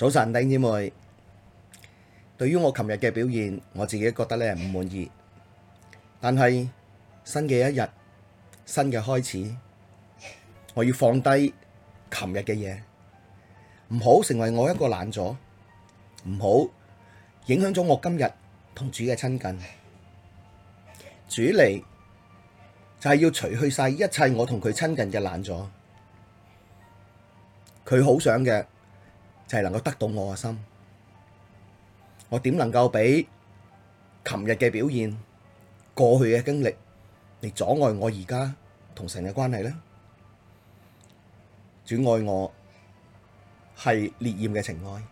早晨，弟姐妹。對於我琴日嘅表現，我自己覺得咧唔滿意。但係新嘅一日，新嘅開始，我要放低琴日嘅嘢，唔好成為我一個攔阻，唔好影響咗我今日同主嘅親近。主嚟就係要除去晒一切我同佢親近嘅攔阻。佢好想嘅。就係能夠得到我嘅心，我點能夠俾琴日嘅表現、過去嘅經歷嚟阻礙我而家同神嘅關係呢？主愛我係烈焰嘅情愛，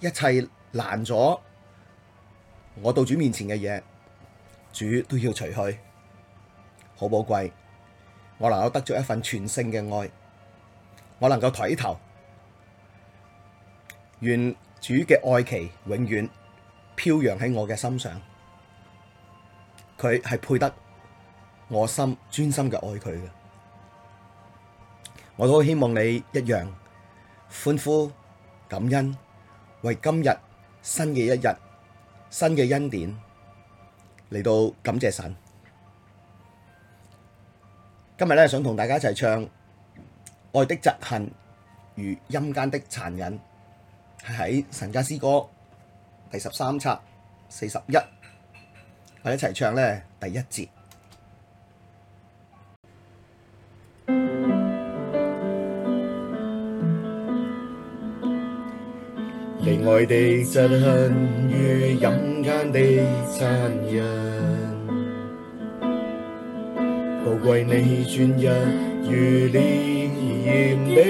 一切難咗我到主面前嘅嘢，主都要除去，好寶貴。我能夠得咗一份全盛嘅愛，我能夠抬頭。願主嘅愛旗永遠飄揚喺我嘅心上，佢係配得我心專心嘅愛佢嘅，我都希望你一樣歡呼感恩，為今日新嘅一日新嘅恩典嚟到感謝神。今日咧想同大家一齊唱《愛的嫉恨》如陰間的殘忍。係喺《神家詩歌》第十三冊四十一，我哋一齊唱咧第一節。你愛的嫉恨如陰間的殘忍，無懼你全人如烈焰。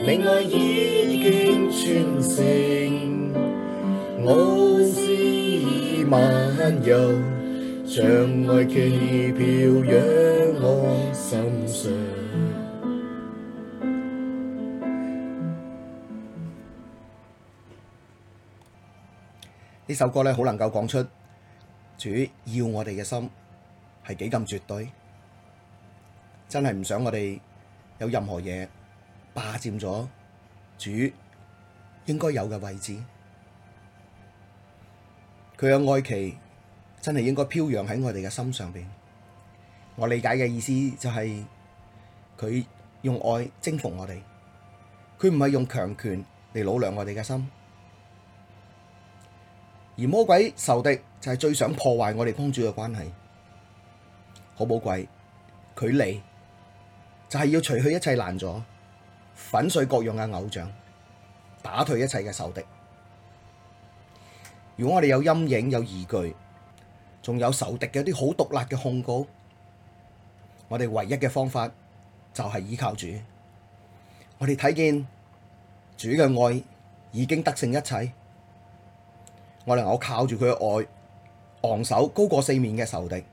你愛已經全盛，我是漫遊，像愛旗飄揚我心上。呢首歌咧，好能夠講出，主要我哋嘅心係幾咁絕對，真係唔想我哋有任何嘢，霸佔咗主應該有嘅位置，佢嘅愛旗真係應該飄揚喺我哋嘅心上邊。我理解嘅意思就係、是、佢用愛征服我哋，佢唔係用強權嚟擄掠我哋嘅心，而魔鬼仇敵就係最想破壞我哋公主嘅關係。好寶貴，佢嚟就係、是、要除去一切攔阻。粉碎各樣嘅偶像，打退一切嘅仇敵。如果我哋有陰影、有疑懼，仲有仇敵嘅一啲好毒辣嘅控告，我哋唯一嘅方法就係依靠主。我哋睇見主嘅愛已經得勝一切，我哋我靠住佢嘅愛，昂首高過四面嘅仇敵。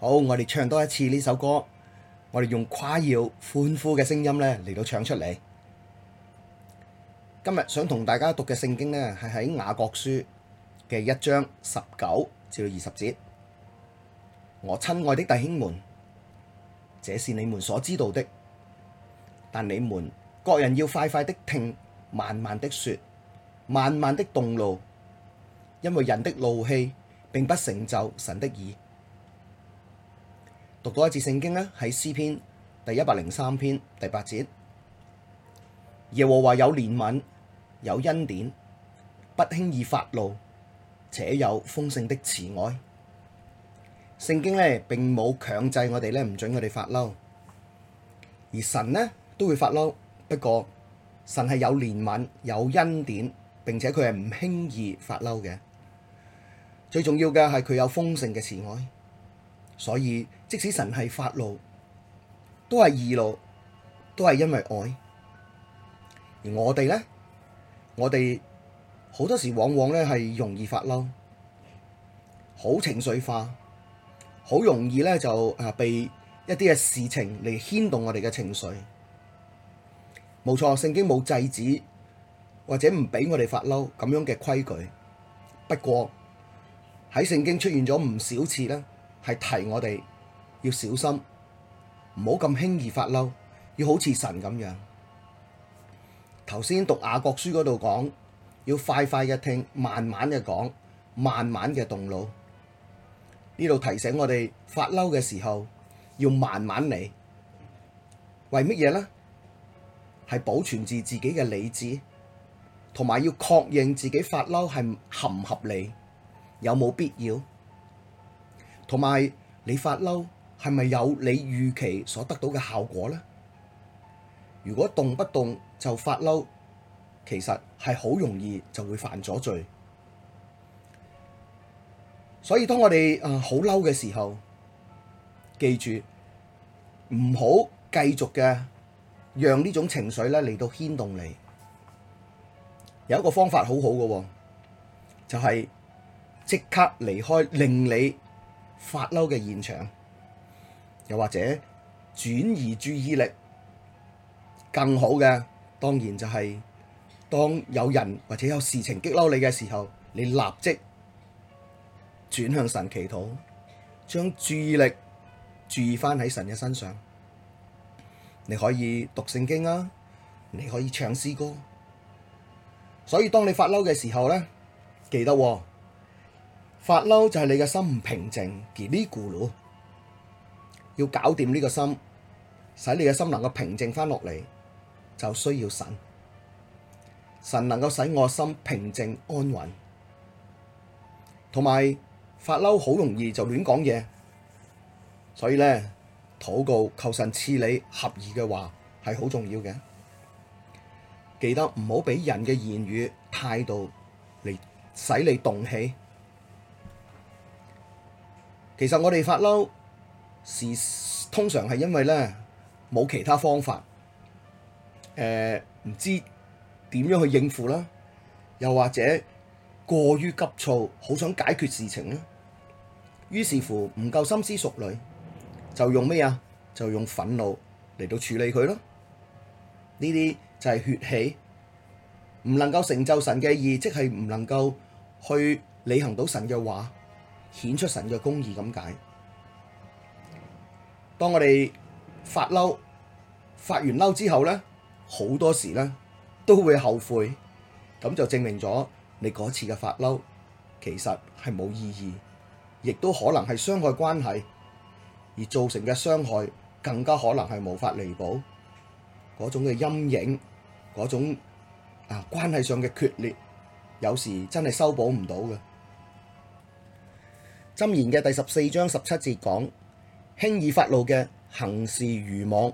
好，我哋唱多一次呢首歌。我哋用誇耀、歡呼嘅聲音咧嚟到唱出嚟。今日想同大家讀嘅聖經咧，係喺雅各書嘅一章十九至到二十節。我親愛的弟兄們，這是你們所知道的，但你們各人要快快的聽，慢慢的說，慢慢的動怒，因為人的怒氣並不成就神的義。讀過一次聖經呢，喺詩篇第一百零三篇第八節，耶和華有憐憫，有恩典，不輕易發怒，且有豐盛的慈愛。聖經呢並冇強制我哋呢唔准我哋發嬲，而神呢都會發嬲，不過神係有憐憫、有恩典，並且佢係唔輕易發嬲嘅。最重要嘅係佢有豐盛嘅慈愛。所以，即使神係發怒，都係義怒，都係因為愛。而我哋咧，我哋好多時往往咧係容易發嬲，好情緒化，好容易咧就誒被一啲嘅事情嚟牽動我哋嘅情緒。冇錯，聖經冇制止或者唔俾我哋發嬲咁樣嘅規矩。不過喺聖經出現咗唔少次啦。係提我哋要小心，唔好咁輕易發嬲，要好似神咁樣。頭先讀雅各書嗰度講，要快快嘅聽，慢慢嘅講，慢慢嘅動腦。呢度提醒我哋發嬲嘅時候要慢慢嚟。為乜嘢呢？係保存住自己嘅理智，同埋要確認自己發嬲係合唔合理，有冇必要。同埋你發嬲係咪有你預期所得到嘅效果呢？如果動不動就發嬲，其實係好容易就會犯咗罪。所以當我哋啊好嬲嘅時候，記住唔好繼續嘅讓呢種情緒咧嚟到牽動你。有一個方法好好嘅，就係即刻離開令你。發嬲嘅現場，又或者轉移注意力更好嘅，當然就係、是、當有人或者有事情激嬲你嘅時候，你立即轉向神祈禱，將注意力注意翻喺神嘅身上。你可以讀聖經啊，你可以唱詩歌。所以當你發嬲嘅時候咧，記得、喎。發嬲就係你嘅心唔平靜，嘰哩咕嚕，要搞掂呢個心，使你嘅心能夠平靜翻落嚟，就需要神。神能夠使我心平靜安穩，同埋發嬲好容易就亂講嘢，所以呢，禱告求神賜你合意嘅話係好重要嘅，記得唔好俾人嘅言語態度嚟使你動氣。其實我哋發嬲係通常係因為咧冇其他方法，誒、呃、唔知點樣去應付啦，又或者過於急躁，好想解決事情咧，於是乎唔夠深思熟慮，就用咩啊？就用憤怒嚟到處理佢咯。呢啲就係血氣，唔能夠成就神嘅意，即係唔能夠去履行到神嘅話。顯出神嘅公義咁解。當我哋發嬲，發完嬲之後咧，好多時咧都會後悔，咁就證明咗你嗰次嘅發嬲其實係冇意義，亦都可能係傷害關係，而造成嘅傷害更加可能係無法彌補，嗰種嘅陰影，嗰種啊關係上嘅決裂，有時真係修補唔到嘅。《箴言》嘅第十四章十七節講：，輕易發怒嘅行事愚妄，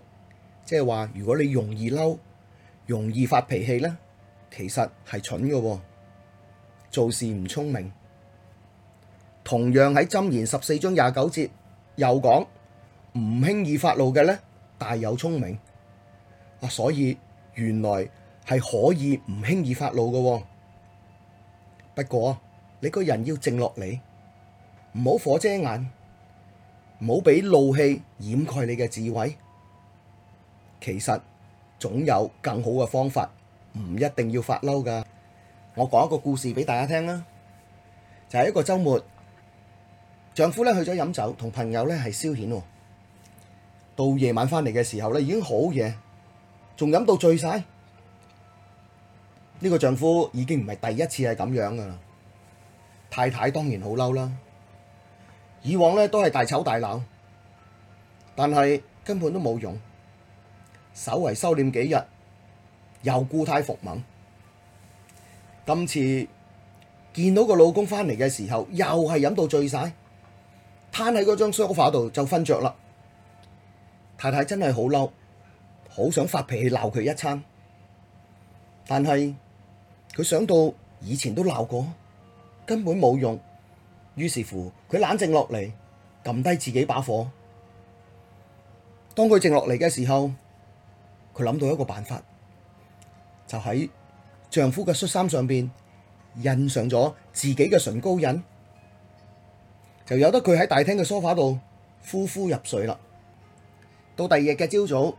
即係話如果你容易嬲、容易發脾氣呢，其實係蠢嘅、哦，做事唔聰明。同樣喺《箴言》十四章廿九節又講，唔輕易發怒嘅呢，大有聰明。啊，所以原來係可以唔輕易發怒嘅、哦，不過你個人要靜落嚟。唔好火遮眼，唔好俾怒氣掩蓋你嘅智慧。其實總有更好嘅方法，唔一定要發嬲噶。我講一個故事俾大家聽啦，就係一個周末，丈夫咧去咗飲酒，同朋友咧係消遣。到夜晚翻嚟嘅時候咧，已經好夜，仲飲到醉晒。呢個丈夫已經唔係第一次係咁樣噶啦，太太當然好嬲啦。以往呢都係大吵大鬧，但係根本都冇用，稍為收斂幾日，又故態復萌。今次見到個老公翻嚟嘅時候，又係飲到醉晒，攤喺嗰張梳化度就瞓着啦。太太真係好嬲，好想發脾氣鬧佢一餐，但係佢想到以前都鬧過，根本冇用。於是乎，佢冷靜落嚟，撳低自己把火。當佢靜落嚟嘅時候，佢諗到一個辦法，就喺丈夫嘅恤衫上邊印上咗自己嘅唇膏印，就由得佢喺大廳嘅梳化度呼呼入睡啦。到第二日嘅朝早，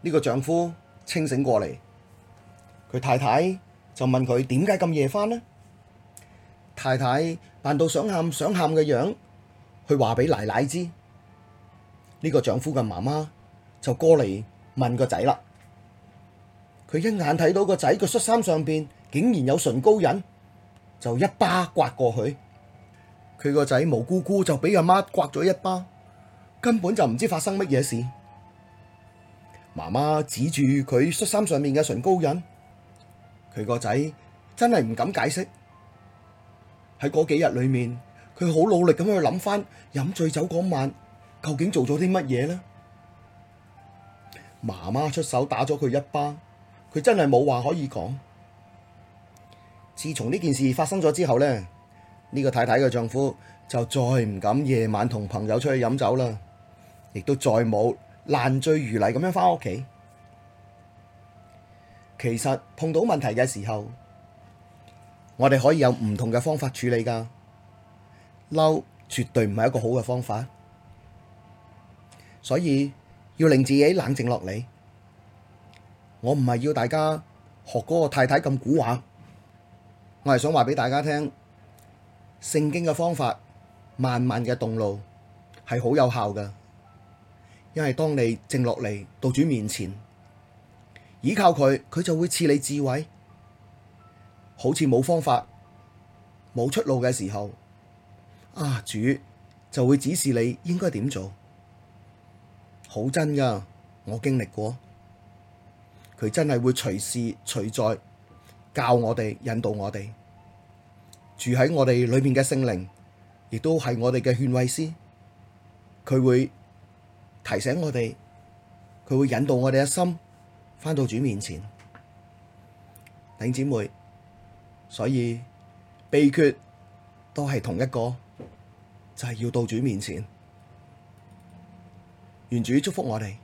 呢個丈夫清醒過嚟，佢太太就問佢點解咁夜返呢？太太扮到想喊想喊嘅樣，去話俾奶奶知。呢個丈夫嘅媽媽就過嚟問個仔啦。佢一眼睇到個仔個恤衫上邊竟然有唇膏印，就一巴刮過去。佢個仔無辜辜就俾阿媽刮咗一巴，根本就唔知發生乜嘢事。媽媽指住佢恤衫上面嘅唇膏印，佢個仔真係唔敢解釋。喺嗰幾日裏面，佢好努力咁樣去諗翻飲醉酒嗰晚究竟做咗啲乜嘢呢？媽媽出手打咗佢一巴，佢真係冇話可以講。自從呢件事發生咗之後呢，呢個太太嘅丈夫就再唔敢夜晚同朋友出去飲酒啦，亦都再冇爛醉如泥咁樣翻屋企。其實碰到問題嘅時候，我哋可以有唔同嘅方法處理噶，嬲絕對唔係一個好嘅方法，所以要令自己冷靜落嚟。我唔係要大家學嗰個太太咁古話，我係想話俾大家聽，聖經嘅方法慢慢嘅動怒，係好有效噶，因為當你靜落嚟到主面前，依靠佢，佢就會賜你智慧。好似冇方法、冇出路嘅時候，啊，主就會指示你應該點做，好真㗎，我經歷過，佢真係會隨時隨在教我哋、引導我哋。住喺我哋裏面嘅聖靈，亦都係我哋嘅勸慰師，佢會提醒我哋，佢會引導我哋嘅心返到主面前，弟兄姊妹。所以秘訣都係同一個，就係要到主面前，願主祝福我哋。